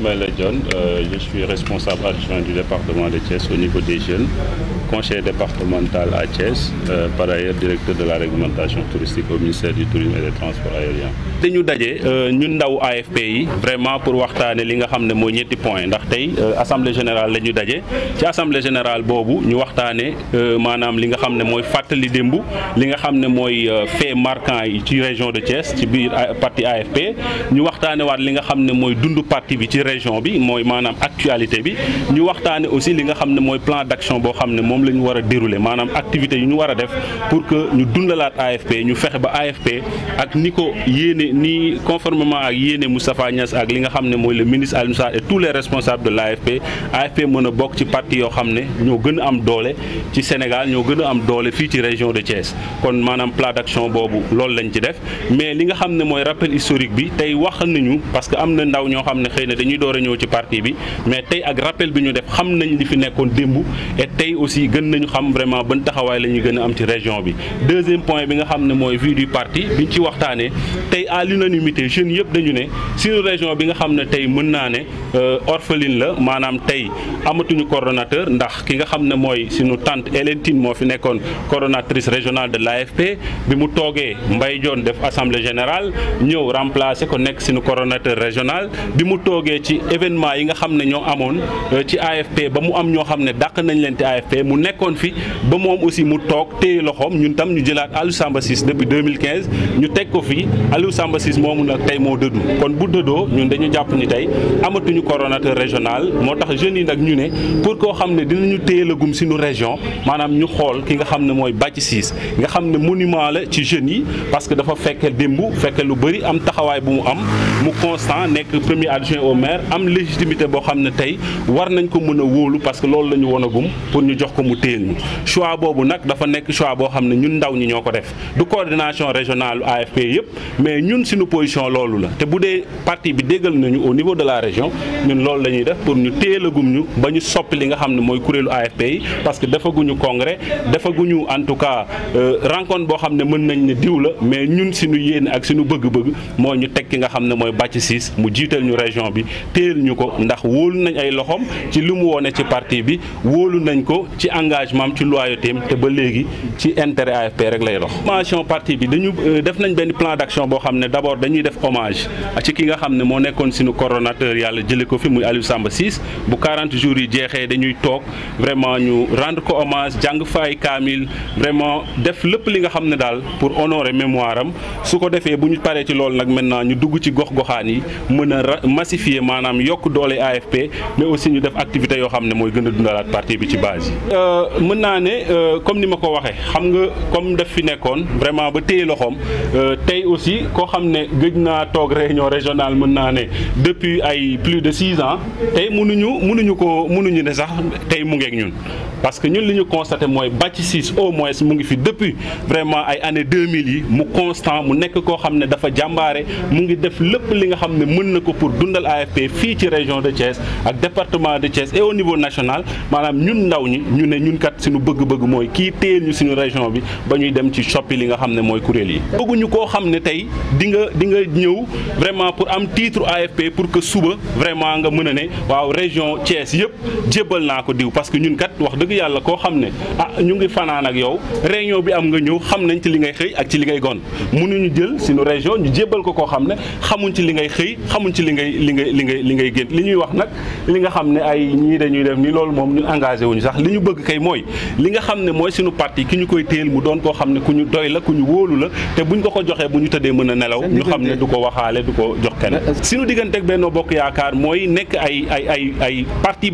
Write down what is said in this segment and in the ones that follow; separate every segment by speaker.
Speaker 1: Ismaël John, euh, je suis responsable adjoint du département de Thiès au niveau des jeunes, conseiller départemental à Thiès, euh, par ailleurs directeur de la réglementation touristique au ministère du tourisme et des transports aériens. dañu daje euh, ñun ndaw AFP yi vraiment pour waxtaane li nga xam ne mooy ñetti point ndax tey euh, assemblée générale la ñu daje ci assemblée générale boobu ñu waxtaane maanaam li nga xam ne mooy fàttali démb li nga xam ne mooy fait marquant yi ci région de Thiès ci biir parti AFP ñu waxtaane waat région bi mooy maanaam actualité bi ñu waxtaane aussi li nga xam ne mooy plan d'action ne moom la ñu war a dérouler maanaam activité yu ñu war a def pour ni ko yéene ni conformément li nga xam ne mooy le ministre Alioune Sarr et tous les responsables de a bokk ci parti yoo xam ne ñoo gën a am doole ci Sénégal ñoo gën am doole fii ci région de Thiès kon maanaam plan d'action boobu loolu lañ ci def mais li nga xam ne mooy rappel historique bi tey wax nañu parce que am na ndaw ñoo xam ne xëy na dañuy door a ñëw ci parti bi mais tey ak rappel bi ñu def xam nañ li fi nekkoon démb tey aussi gën nañu xam vraiment ban taxawaay la ñuy gën a am ci région bi deuxième point bi nga xam ne mooy vue du parti biñ ci waxtaanee tey à l'unanimité jeune yëpp dañu ne suñu région bi nga xam ne tey mën naa ne euh, orpheline la maanaam tey amatuñu coordonnateur ndax ki nga xam ne mooy suñu tante Hélène moo fi nekkoon coordonnatrice régionale de la l'AFP bi mu toogee Mbaye Dione def assemblée générale ñëw remplacer ko nekk suñu coordonnateur régional ci événement yi nga xam ne ñoo amoon euh, ci AFP ba mu am ñoo xam ne dàq nañ leen te AFP mu nekkoon fi ba moom aussi mu toog téye loxoom ñun tam ñu jëlaat Aliou Samba Ciss depuis 2015 ñu teg ko fi Aliou Samba Ciss moomu nag tey moo dëddu kon bu dëddoo ñun dañu jàpp ni tey amatuñu coordonnateur régional moo tax jeunes yi nag ñu ne pour koo xam ne dinañu téye lagum gum suñu région maanaam ñu xool ki nga xam ne mooy Bathie Ciss nga xam ne monument la ci jeunes yi parce dafa fekk démb fekk lu bëri am taxawaay bu mu am am légitimité boo xam ne tey war nañ ko mën a wóolu parce que loolu la ñu wonagum pour ñu jox ko mu téel ñu choix boobu nag dafa nekk choix boo xam ne ñun ndaw ñi ñoo ko def du coordination régionale AFP yëpp mais ñun suñu position loolu la te bu dee parti bi déggal nañu au niveau de la région ñun loolu la ñuy def pour ñu téelagum ñu ba ñu li nga xam ne mooy kuréelu AFP yi parce que defaguñu congrès defaguñu en tout cas euh, rencontre boo xam ne mën nañ ne diw la mais ñun suñu yéene ak suñu bëgg-bëgg moo ñu teg ki nga xam ne mooy bàcc siis mu jiital ñu région bi téel ñu ko ndax wóolu nañ ay loxoom ci li mu woone ci partie bi wóolu nañ ko ci engagement ci loyauté te ba léegi ci intérêt AFP rek lay dox. formation parti bi dañu euh, def nañ benn plan d'action boo xam ne d'abord dañuy def hommage ci ki nga xam ne moo nekkoon suñu coordonnateur yàlla jëlee ko fi muy Aliou Samba Ciss bu quarante jours yi jeexee dañuy toog vraiment ñu rendre ko hommage jàng faay kaamil vraiment def lépp li nga xam ne daal pour honorer mémoire am su ko defee bu ñu paree ci loolu nag maintenant ñu dugg ci gox-goxaan yi maanaam yokk doole AFP mais aussi ñu def activité yoo xam ne mooy gën a dundalaat parti bi ci base yi. Euh, mën naa ne euh, comme ni ma ko waxee xam nga comme daf fi nekkoon vraiment ba téye loxoom euh, tey aussi koo xam ne gëj naa toog réunion régionale mën naa ne depuis ay plus de six ans tey mënuñu mënuñu ko mënuñu ne sax tey mu ngeeg ñun. parce que ñun li ñu constaté mooy Bathie Ciss au moins mu ngi fi depuis vraiment ay années 2000 yi mu constant mu nekk koo xam ne dafa jàmbaare mu ngi def lépp li nga xam ne mën na ko pour dundal AFP fii ci région de Thiès ak département de Thiès et au niveau national maanaam ñun ndaw ñi ñu ne ñun kat suñu bëgg-bëgg mooy kii téyel ñu suñu région bi ba ñuy dem ci soppi li nga xam ne mooy kuréel yi. bëgguñu koo xam ne tey di nga di nga ñëw vraiment pour am titre AFP pour que suba vraiment nga mën a ne waaw région Thiès yëpp jébbal naa ko diw parce que ñun kat dëgg yàlla koo xam ne ah, ngi fanaan ak yow réunion bi am nga ñëw xam nañ ci li ngay xëy ak ci li ngay gon mënuñu jël suñu région ñu jébbal ko koo xam ne xamuñ ci li ngay xëy xamuñ ci li ngay li ngay li ngay li ngay génn li ñuy wax nag li nga xam ne ay ñii dañuy def ni loolu moom ñu engagé wuñu sax li ñu bëgg kay mooy li nga xam ne mooy suñu parti ki ñu koy téel mu doon koo xam ne ku ñu doy la ku ñu wóolu la te buñ ko ko joxee bu ñu tëddee mën a nelaw ñu xam ne du ko waxaale du ko jox kenn suñu diggante ak Benno Bokk Yaakaar mooy nekk ay ay ay ay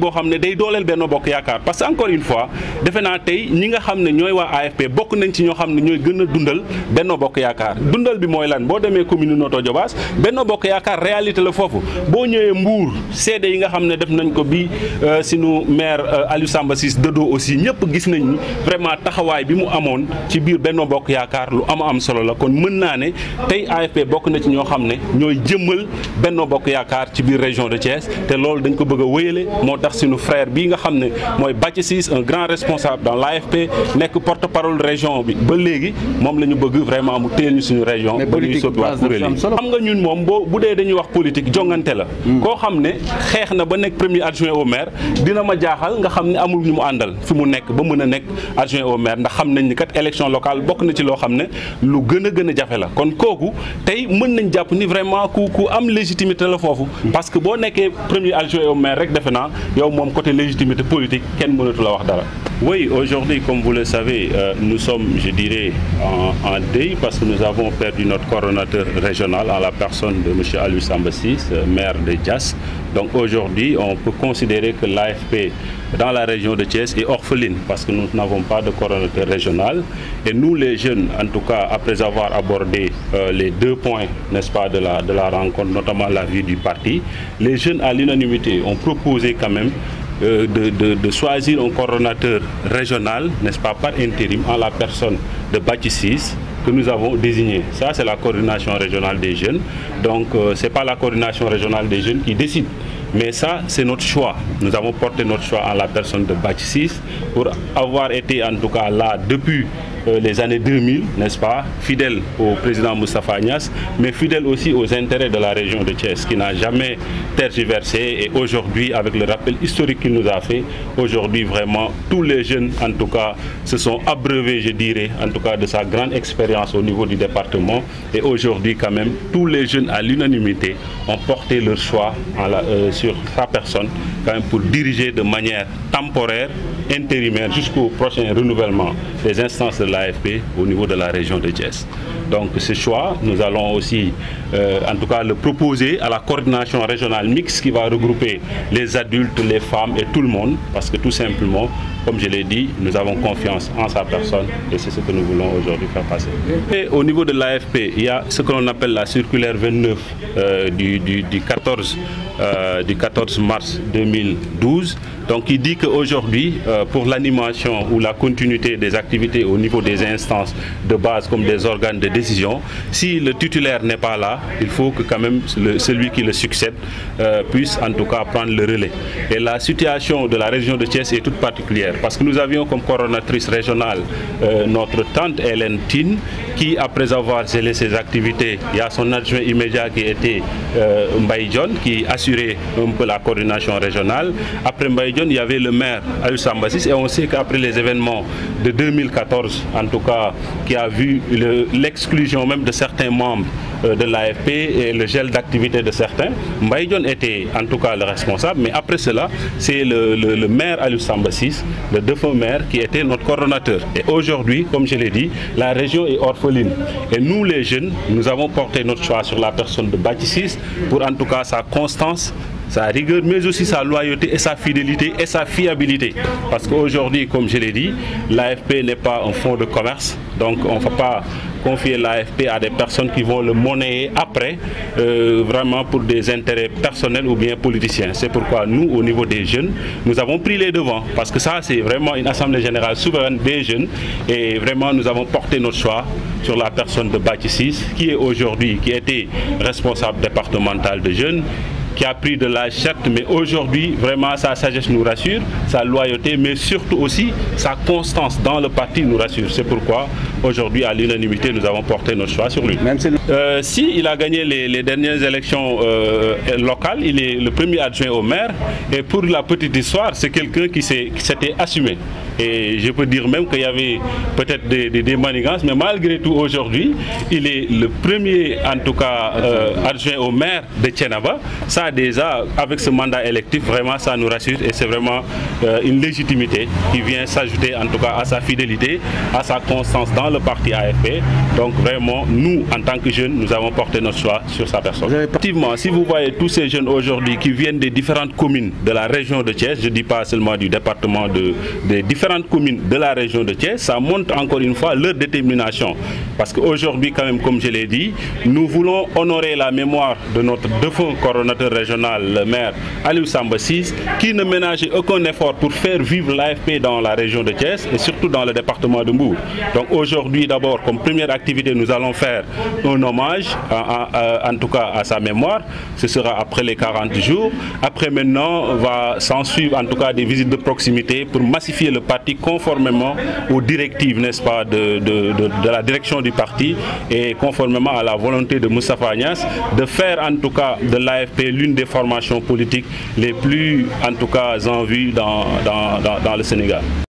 Speaker 1: boo xam ne day dooleel Benno Bokk Yaakaar parce que encore une fois defe naa tey ñi nga xam ne ñooy waa AFP bokk nañ ci ñoo xam ne ñooy gën a dundal Benno Bokk Yaakaar dundal bi mooy lan boo demee commune Notto Diobass Benno Bokk Yaakaar réalité la foofu boo ñëwee Mbour seede yi nga xam ne def nañ ko bi euh, sunu maire euh, Aliou Samba Ciss dëddoo aussi ñëpp gis nañ ni vraiment taxawaay bi mu amoon ci biir Benno Bokk Yaakaar lu am am solo la kon mën naa ne tey AFP bokk na ci ñoo xam ne ñooy jëmmal Benno Bokk Yaakaar ci biir région de Thiès te loolu dañ ko bëgg a wéyale tax sunu frère bii un grand responsable dans l'AFP nekk porte-parole région bi ba léegi moom la ñu bëgg vraiment mu teel suñu région ba ñuy soppiwaat kuréel xam nga ñun moom boo bu dee dañuy wax politique jongante la hmm. koo xam ne xeex na ba nekk premier adjoint au maire dina ma jaaxal nga xam ne amul ñu mu àndal fi mu nekk ba mën a nekk adjoint au maire ndax xam nañ ni kat élection locale bokk na ci loo xam ne lu gën a gën a jafe la kon kooku tey mën nañ jàpp ni vraiment ku ku am légitimité la foofu hmm. parce que boo nekkee premier adjoint au maire rek defe naa yow moom côté légitimité kenn mënatu wax dara. Oui, aujourd'hui, comme vous le savez, euh, nous sommes, je dirais, en, en, deuil parce que nous avons perdu notre coordonnateur régional à la personne de M. Alou Sambassis, euh, maire de Dias. Donc aujourd'hui, on peut considérer que l'AFP dans la région de Thiès est orpheline parce que nous n'avons pas de coordonnateur régional. Et nous, les jeunes, en tout cas, après avoir abordé euh, les deux points, n'est-ce pas, de la, de la rencontre, notamment la vie du parti, les jeunes à l'unanimité ont proposé quand même Euh, de, de, de, choisir un coordonnateur régional, n'est-ce pas, par intérim, en la personne de Baptiste que nous avons désigné. Ça, c'est la coordination régionale des jeunes. Donc, euh, c'est ce n'est pas la coordination régionale des jeunes qui décide. Mais ça, c'est notre choix. Nous avons porté notre choix en la personne de Baptiste pour avoir été en tout cas là depuis les euh, années 2000, n'est-ce pas, fidèle au président Moustapha Agnès, mais fidèle aussi aux intérêts de la région de Thiès, qui n'a jamais tergiversé. Et aujourd'hui, avec le rappel historique qu'il nous a fait, vraiment, tous les jeunes, en tout cas, se sont abreuvés, je en tout cas, de sa grande expérience au niveau du département. Et aujourd'hui, quand même, tous les jeunes, à l'unanimité, ont porté leur choix en la, euh, sur sa personne, quand même, pour diriger de manière temporaire intérimaire jusqu'au prochain renouvellement des instances de l'AFP au niveau de la région de Thiès. Donc ce choix, nous allons aussi euh, en tout cas le proposer à la coordination régionale mixte qui va regrouper les adultes, les femmes et tout le monde parce que tout simplement Comme je l'ai dit, nous avons confiance en que nous voulons de l'AFP, il y a ce que l'on appelle la circulaire 29 euh, du, du, du, 14, euh, du 14 donc qui dit qu'aujourd'hui, euh, pour l'animation ou la continuité des activités au niveau des instances de base comme des organes décision, si le titulaire n'est pas là, faut que quand même le, celui qui le succède euh, puisse en tout cas prendre le relais. Et la situation de la région de Thiès est parce que nous avions comme coronatrice régionale euh, notre tante Hélène Tine, qui après avoir scellé ses activités, il y a son adjoint immédiat qui était euh, Mbaye John, qui assurait un peu la coordination régionale. Après Mbaye John, il y avait le maire Ayus Ambassis, et on sait qu'après les événements de 2014, en tout cas, qui a vu l'exclusion même de certains membres Euh, de l'AFP et le gel d'activité de certains. Mbaïdjon était en tout cas le responsable, mais après cela, c'est le, le, le, maire Aliou le défunt maire, qui était notre coordonnateur. Et aujourd'hui, comme je l'ai dit, la région est orpheline. Et nous, les jeunes, nous avons porté notre choix sur la personne de Baptiste pour en tout cas sa constance sa rigueur, mais aussi sa loyauté et sa fidélité et sa fiabilité. Parce qu'aujourd'hui, comme je l'ai dit, l'AFP pas un fonds de commerce, confier l'AFP à des personnes qui vont le monnayer après, euh, vraiment pour des intérêts personnels ou bien politiciens. C'est pourquoi nous, au niveau des jeunes, nous avons pris les devants, parce que ça, c'est vraiment une Assemblée générale souveraine des jeunes, et vraiment, nous avons porté notre choix sur la personne de Batisis, qui est aujourd'hui, qui était responsable départemental de jeunes, qui a pris de l'âge certes, mais aujourd'hui, vraiment, sa sagesse nous rassure, sa loyauté, mais surtout aussi, sa constance dans le parti nous rassure. C'est pourquoi Aujourd'hui, à l'unanimité, nous avons porté notre choix sur lui. Même si euh, si il a gagné les, les dernières élections euh, locales, il est le premier adjoint au maire. Et pour la petite histoire, c'est quelqu'un qui s'était assumé. Et je peux dire même qu'il y avait peut-être des, des, des, malgré tout, aujourd'hui, il est le premier, en tout cas, euh, adjoint au maire de Tchénaba. Ça, déjà, avec ce mandat électif, vraiment, euh, qui vient s'ajouter, à sa fidélité, à sa constance dans le parti AFP. Donc, vraiment, nous, en tant que jeunes, nous avons porté notre choix sur sa personne. Effectivement, si vous voyez tous ces jeunes aujourd'hui qui viennent des différentes communes de la région de Thiès, je ne dis pas seulement du département de, des différents différentes communes de la région de Thiès, ça encore une fois leur détermination. Parce qu'aujourd'hui, quand même, comme je l'ai dit, nous voulons honorer la mémoire de notre défunt coordonnateur régional, le maire Aliou Sambassis, qui ne ménageait aucun effort pour faire vivre l'AFP dans la région de Thiès et surtout dans le département de Mbour. Donc aujourd'hui, d'abord, comme première activité, nous allons faire un hommage, en tout cas à sa mémoire. Ce sera après le pratique conformément aux directives, n'est-ce pas, de, de, de, de, la direction du parti et conformément à la volonté de Moustapha Agnès de faire en tout cas de l'AFP l'une des formations politiques les plus en tout cas en vue dans, dans, dans, dans le Sénégal.